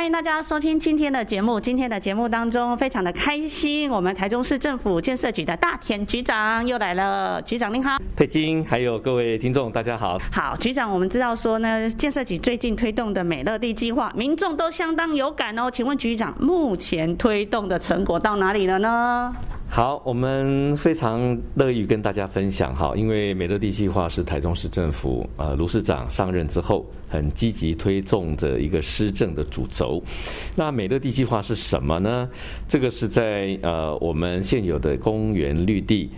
歡迎大家收聽今天的節目。今天的節目當中，非常的開心，我們台中市政府建設局的大田局長又來了。局長您好，佩金，還有各位聽眾，大家好。好，局長，我們知道說呢，建設局最近推動的美樂地計劃，民眾都相當有感哦。請問局長，目前推動的成果到哪裡了呢？好，我們非常樂意跟大家分享哈，因為美樂地計劃是台中市政府啊、呃、盧市長上任之後很積極推動的一個施政的主軸。那美樂地計劃是什麼呢？這個是在呃我們現有的公園綠地，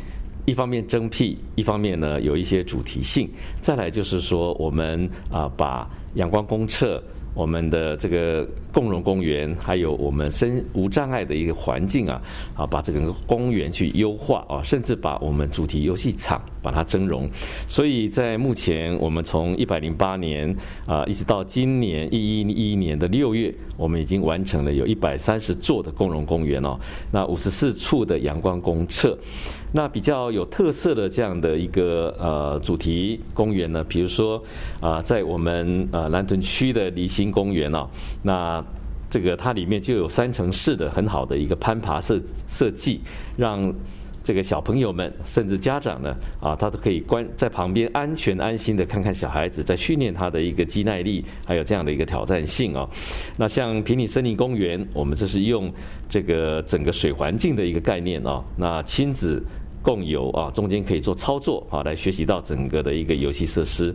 一方面增闢，一方面呢有一些主題性，再來就是說我們啊、呃、把陽光公廁。我們的這個共融公園，還有我們身無障礙的一個環境啊，啊，把這個公園去優化啊，甚至把我們主題遊戲場。把它蒸融，所以在目前，我們從一百零八年啊、呃，一直到今年一一一年的六月，我們已經完成了有一百三十座的共融公園哦，那五十四處的陽光公廁，那比較有特色的這樣的一個呃主題公園呢，比如說啊、呃，在我們呃南屯區的離心公園哦，那這個它裡面就有三層式的很好的一個攀爬設設計，讓。這個小朋友們，甚至家長呢，啊，他都可以關在旁邊安全安心的看看小孩子在訓練他的一個肌耐力，還有這樣的一個挑戰性哦。那像坪林森林公園，我們這是用這個整個水環境的一個概念哦。那親子共遊啊，中間可以做操作啊，來學習到整個的一個遊戲設施。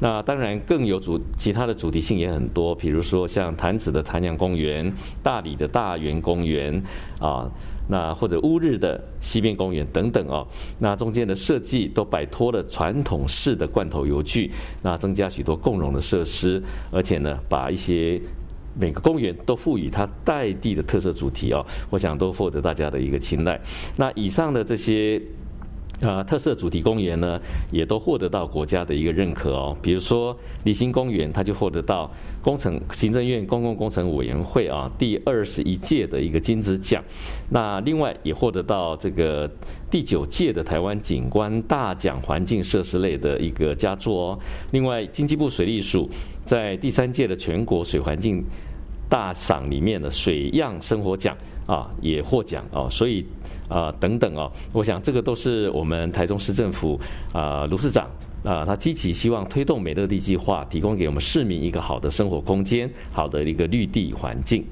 那當然更有主，其他的主題性也很多，比如說像潭子的潭陽公園、大理的大園公園啊。那或者烏日的西邊公園等等哦，那中間的設計都擺脫了傳統式的罐頭遊具，那增加許多共融的設施，而且呢，把一些每個公園都賦予它在地的特色主題哦，我想都獲得大家的一個青睞。那以上的這些。呃，特色主題公園呢，也都獲得到國家的一個認可哦。比如說，梨興公園，它就獲得到工程行政院公共工程委員會啊第二十一屆的一個金質獎。那另外也獲得到這個第九屆的台灣景觀大獎環境設施類的一個佳作哦。另外，經濟部水利署在第三屆的全國水環境。大賞裡面的水漾生活獎啊，也獲獎哦，所以啊，等等哦，我想這個都是我們台中市政府啊，盧市長啊，他積極希望推動美樂地計劃，提供給我們市民一個好的生活空間，好的一個綠地環境。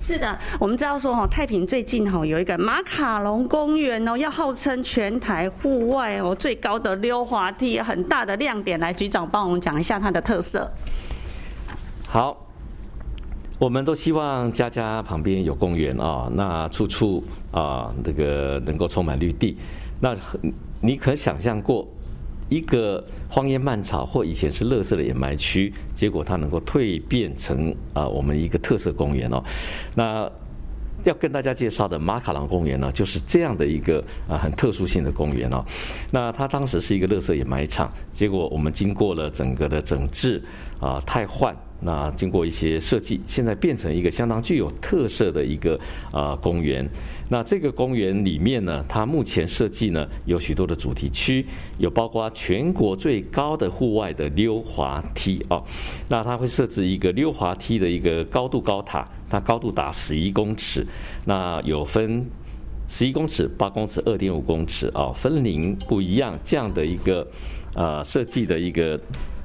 是的，我們知道說哈，太平最近哈有一個馬卡龍公園哦，要號稱全台戶外哦最高的溜滑梯，很大的亮點。來，局長幫我們講一下它的特色。好。我們都希望家家旁邊有公園啊、哦，那處處啊，那、這個能夠充滿綠地。那你可想象過，一個荒煙蔓草或以前是垃圾的掩埋區，結果它能夠蛻變成啊我們一個特色公園哦。那要跟大家介紹的馬卡龍公園呢，就是這樣的一個啊很特殊性的公園哦。那它當時是一個垃圾掩埋場，結果我們經過了整個的整治啊、呃，汰換。那經過一些設計，現在變成一個相當具有特色的一個啊公園。那這個公園裡面呢，它目前設計呢有許多的主題區，有包括全國最高的戶外的溜滑梯哦，那它會設置一個溜滑梯的一個高度高塔，它高度達十一公尺。那有分十一公尺、八公尺、二點五公尺哦，分齡不一樣，這樣的一個啊、呃、設計的一個。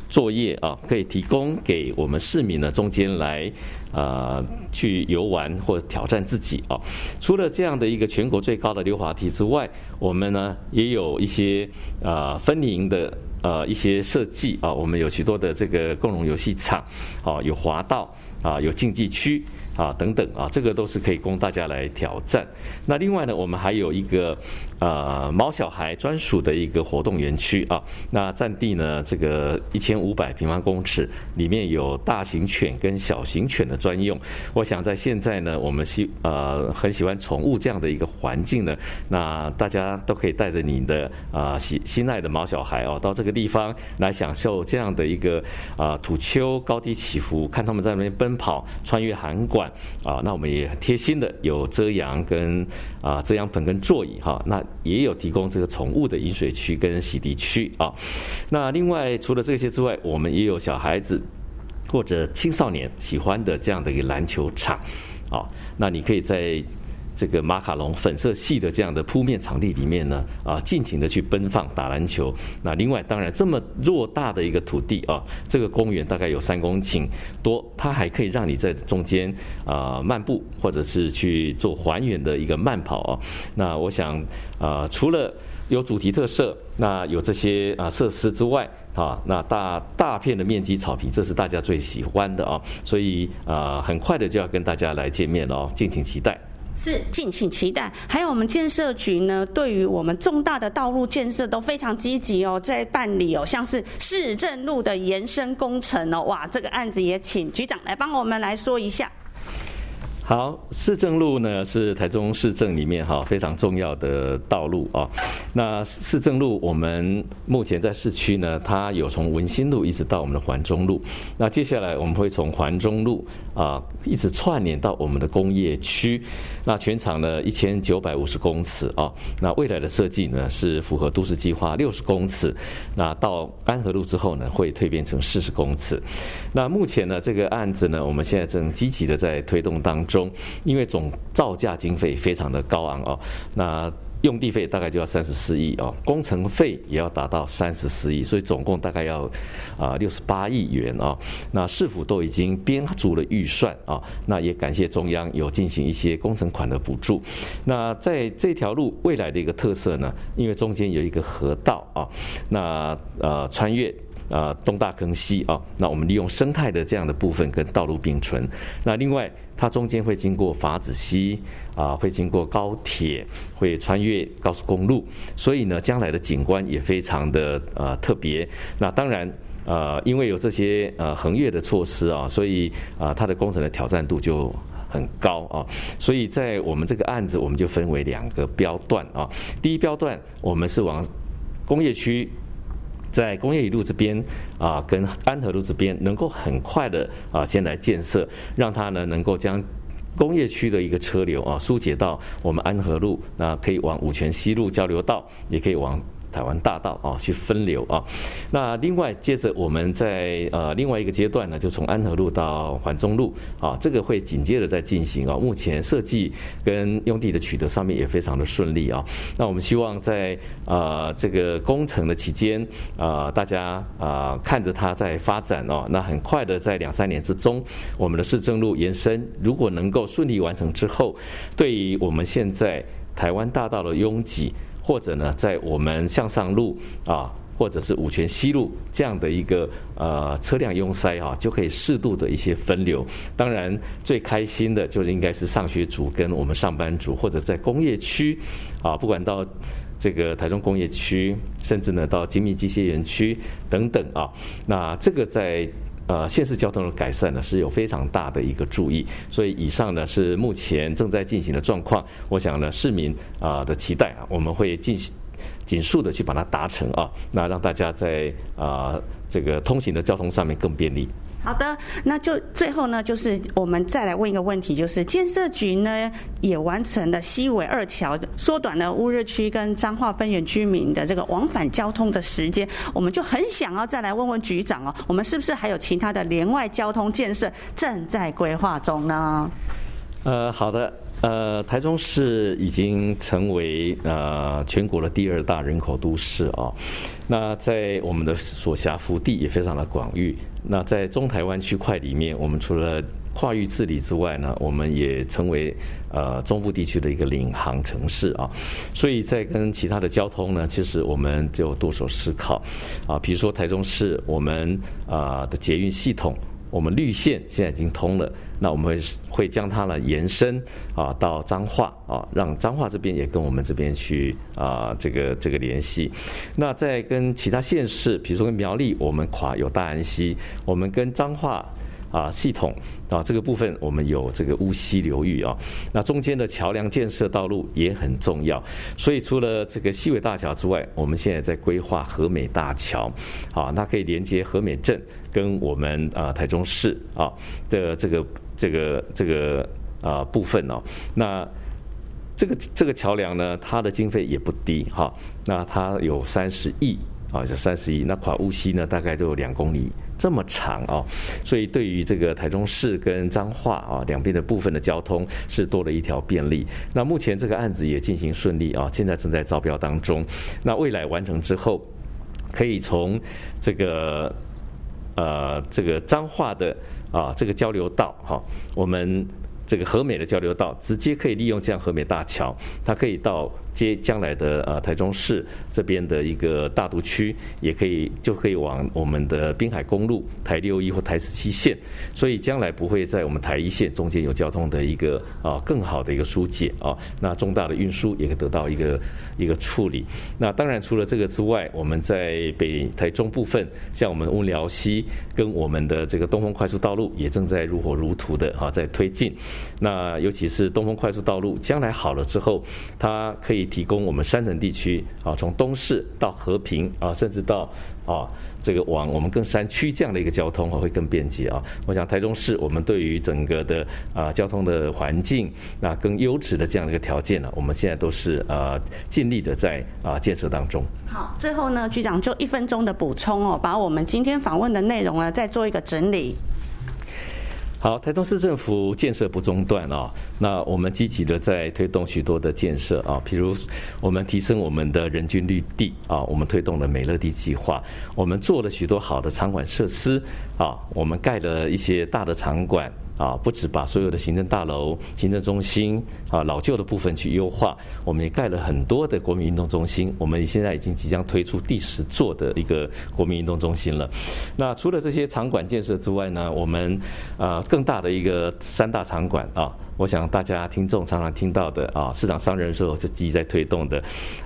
作業啊，可以提供給我們市民呢中間來啊、呃、去遊玩或挑戰自己啊。除了這樣的一個全國最高的溜滑梯之外，我們呢也有一些啊、呃、分齡的。呃，一些設計啊，我們有許多的這個共融遊戲場，啊，有滑道啊，有競技區啊，等等啊，這個都是可以供大家來挑戰。那另外呢，我們還有一個呃毛小孩專屬的一個活動園區啊，那占地呢這個一千五百平方公尺，裡面有大型犬跟小型犬的專用。我想在現在呢，我們是呃很喜歡寵物這樣的一個環境呢，那大家都可以帶着你的啊心、呃、心愛的毛小孩哦，到這個。這個地方來享受這樣的一個啊土丘高低起伏，看他們在那邊奔跑穿越涵管啊，那我們也很貼心的有遮陽跟啊遮陽棚跟座椅哈、啊，那也有提供這個寵物的飲水區跟洗滌區啊，那另外除了這些之外，我們也有小孩子或者青少年喜歡的這樣的一個籃球場啊，那你可以在。這個馬卡龍粉色系的這樣的鋪面場地裡面呢，啊，盡情的去奔放打籃球。那另外當然這麼偌大的一個土地啊，這個公園大概有三公頃多，它還可以讓你在中間啊、呃、漫步，或者是去做還原的一個慢跑哦、啊。那我想啊、呃，除了有主題特色，那有這些啊設施之外，啊，那大大片的面積草皮，這是大家最喜歡的啊。所以啊、呃，很快的就要跟大家來見面了哦，敬請期待。是，敬請期待。還有我們建設局呢，對於我們重大的道路建設都非常積極哦，在辦理哦，像是市政路的延伸工程哦，哇，這個案子也請局長來幫我們來說一下。好，市政路呢是台中市政裡面哈非常重要的道路啊。那市政路我們目前在市區呢，它有從文心路一直到我們的環中路。那接下來我們會從環中路啊一直串聯到我們的工業區。那全長呢一千九百五十公尺啊。那未來的設計呢是符合都市計劃六十公尺。那到安和路之後呢會蛻變成四十公尺。那目前呢這個案子呢我們現在正積極的在推動當中中，因為總造價經費非常的高昂哦，那用地費大概就要三十四億哦，工程費也要達到三十四億，所以總共大概要啊六十八億元哦。那市府都已經編足了預算啊、哦，那也感謝中央有進行一些工程款的補助。那在這條路未來的一個特色呢，因為中間有一個河道啊，那呃穿越。呃，東大坑西啊，那我們利用生態的這樣的部分跟道路並存。那另外，它中間會經過筏子溪啊，會經過高鐵，會穿越高速公路，所以呢，將來的景觀也非常的呃特別。那當然，呃，因為有這些呃橫越的措施啊，所以啊，它的工程的挑戰度就很高啊。所以在我們這個案子，我們就分為兩個標段啊。第一標段，我們是往工業區。在工業一路這邊啊，跟安和路這邊能夠很快的啊，先來建設，讓它呢能夠將工業區的一個車流啊疏解到我們安和路，那可以往五權西路交流道，也可以往。台灣大道啊，去分流啊。那另外接着，我們在呃另外一個階段呢，就從安和路到環中路啊，這個會緊接着在進行啊。目前設計跟用地的取得上面也非常的順利啊。那我們希望在啊、呃、這個工程的期間啊、呃，大家啊、呃、看着它在發展哦、啊。那很快的，在兩三年之中，我們的市政路延伸如果能夠順利完成之後，對於我們現在台灣大道的擁擠。或者呢，在我們向上路啊，或者是五權西路這樣的一個呃車輛擁塞啊，就可以適度的一些分流。當然，最開心的就是應該是上學族跟我們上班族，或者在工業區啊，不管到這個台中工業區，甚至呢到精密機械園區等等啊，那這個在。呃，現實交通的改善呢，是有非常大的一個注意。所以以上呢是目前正在進行的狀況。我想呢，市民啊、呃、的期待啊，我們會盡，盡速的去把它達成啊，那讓大家在啊、呃、這個通行的交通上面更便利。好的，那就最後呢，就是我們再來問一個問題，就是建設局呢也完成了溪尾二橋，縮短了烏日區跟彰化芬園居民的這個往返交通的時間，我們就很想要再來問問局長哦，我們是不是還有其他的聯外交通建設正在規劃中呢？呃，好的。呃，台中市已經成為呃全國的第二大人口都市啊、哦。那在我們的所轄腹地也非常的廣域。那在中台灣區塊裡面，我們除了跨域治理之外呢，我們也成為呃中部地區的一個領航城市啊、哦。所以在跟其他的交通呢，其實我們就多所思考啊，比如說台中市我們啊、呃、的捷運系統。我們綠線現在已經通了，那我們會會將它呢延伸啊到彰化啊，讓彰化這邊也跟我們這邊去啊、呃、這個這個聯繫。那再跟其他縣市，比如說跟苗栗，我們跨有大安溪，我們跟彰化。啊，系統啊，這個部分我們有這個烏溪流域啊、哦，那中間的橋梁建設道路也很重要，所以除了這個溪尾大橋之外，我們現在在規劃和美大橋，好、啊，那可以連接和美鎮跟我們啊台中市啊的這個這個這個、這個、啊部分哦，那。這個這個橋樑呢，它的經費也不低哈，那它有三十億啊，就三十億。那跨烏溪呢，大概都有兩公里這麼長啊，所以對於這個台中市跟彰化啊兩邊的部分的交通是多了一條便利。那目前這個案子也進行順利啊，現在正在招標當中。那未來完成之後，可以從這個呃這個彰化的啊這個交流道哈，我們。這個和美的交流道直接可以利用這樣和美大橋，它可以到。接將來的呃台中市這邊的一個大都區，也可以就可以往我們的濱海公路台六一或台十七線，所以將來不會在我們台一線中間有交通的一個啊更好的一個疏解啊，那重大的運輸也會得到一個一個處理。那當然除了這個之外，我們在北台中部分，像我們溫寮溪跟我們的這個東豐快速道路也正在如火如荼的啊在推進。那尤其是東豐快速道路將來好了之後，它可以。提供我們山城地區啊，從東勢到和平啊，甚至到啊，這個往我們更山區這樣的一個交通啊，會更便捷啊。我想台中市我們對於整個的啊交通的環境，啊，更優質的這樣的一個條件呢，我們現在都是啊，盡力的在啊建設當中。好，最後呢，局長就一分鐘的補充哦，把我們今天訪問的內容呢，再做一個整理。好，台中市政府建設不中斷啊。那我們積極的在推動許多的建設啊，比如我們提升我們的人均綠地啊，我們推動了美樂地計劃，我們做了許多好的場館設施啊，我們蓋了一些大的場館。啊，不止把所有的行政大樓、行政中心啊老舊的部分去優化，我們也蓋了很多的國民運動中心。我們現在已經即將推出第十座的一個國民運動中心了。那除了這些場館建設之外呢，我們啊更大的一個三大場館啊，我想大家聽眾常常聽到的啊，市長上任的時候就積極在推動的，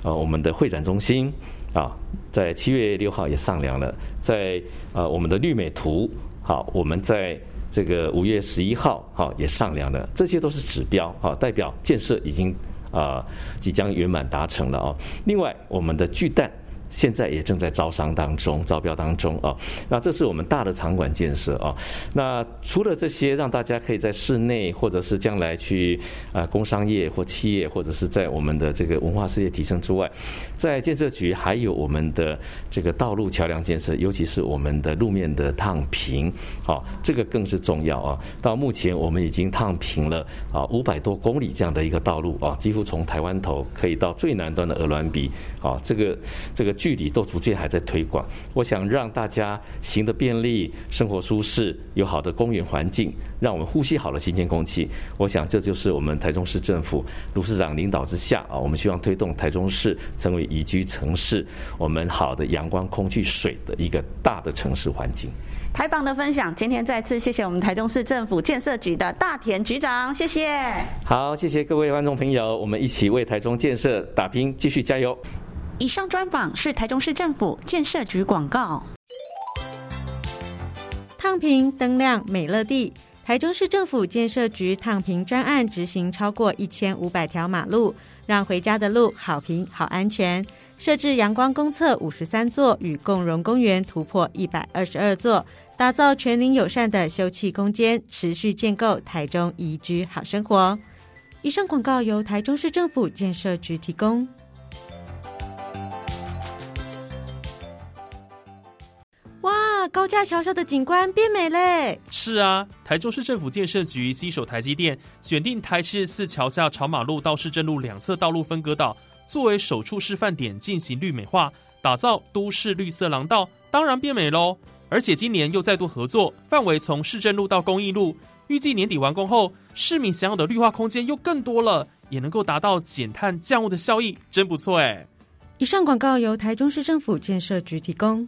啊，我們的會展中心啊，在七月六號也上樑了，在啊，我們的綠美圖，好，我們在。這個五月十一號，哈也上樑了，這些都是指標，哈代表建設已經啊即將圓滿達成了啊。另外，我們的巨蛋。現在也正在招商當中、招標當中啊。那這是我們大的場館建設啊。那除了這些，讓大家可以在室內，或者是將來去啊工商業或企業，或者是在我們的這個文化事業提升之外，在建設局還有我們的這個道路橋樑建設，尤其是我們的路面的燙平啊，這個更是重要啊。到目前我們已經燙平了啊五百多公里這樣的一個道路啊，幾乎從台灣頭可以到最南端的鵝銮鼻啊，這個這個。距離都逐漸還在推廣，我想讓大家行得便利，生活舒適，有好的公園環境，讓我們呼吸好的新鮮空氣。我想這就是我們台中市政府盧市長領導之下啊，我們希望推動台中市成為宜居城市，我們好的陽光、空氣、水的一個大的城市環境。太棒的分享，今天再次謝謝我們台中市政府建設局的大田局長，謝謝。好，謝謝各位觀眾朋友，我們一起為台中建設打拼，繼續加油。以上專訪是台中市政府建設局廣告。燙平燈亮美樂地，台中市政府建設局燙平專案執行超過一千五百條馬路，讓回家的路好平好安全，設置陽光公廁五十三座，與共融公園突破一百二十二座，打造全齡友善的休憩空間，持續建構台中宜居好生活。以上廣告由台中市政府建設局提供。高架橋下的景觀變美嘞！是啊，台中市政府建設局攜手台積電，選定台七四橋下朝馬路到市政路兩側道路分隔島，作為首處示範點進行綠美化，打造都市綠色廊道，當然變美嘍！而且今年又再度合作，範圍從市政路到公益路，預計年底完工後，市民享有的綠化空間又更多了，也能夠達到減碳降污的效益，真不錯誒、欸。以上廣告由台中市政府建設局提供。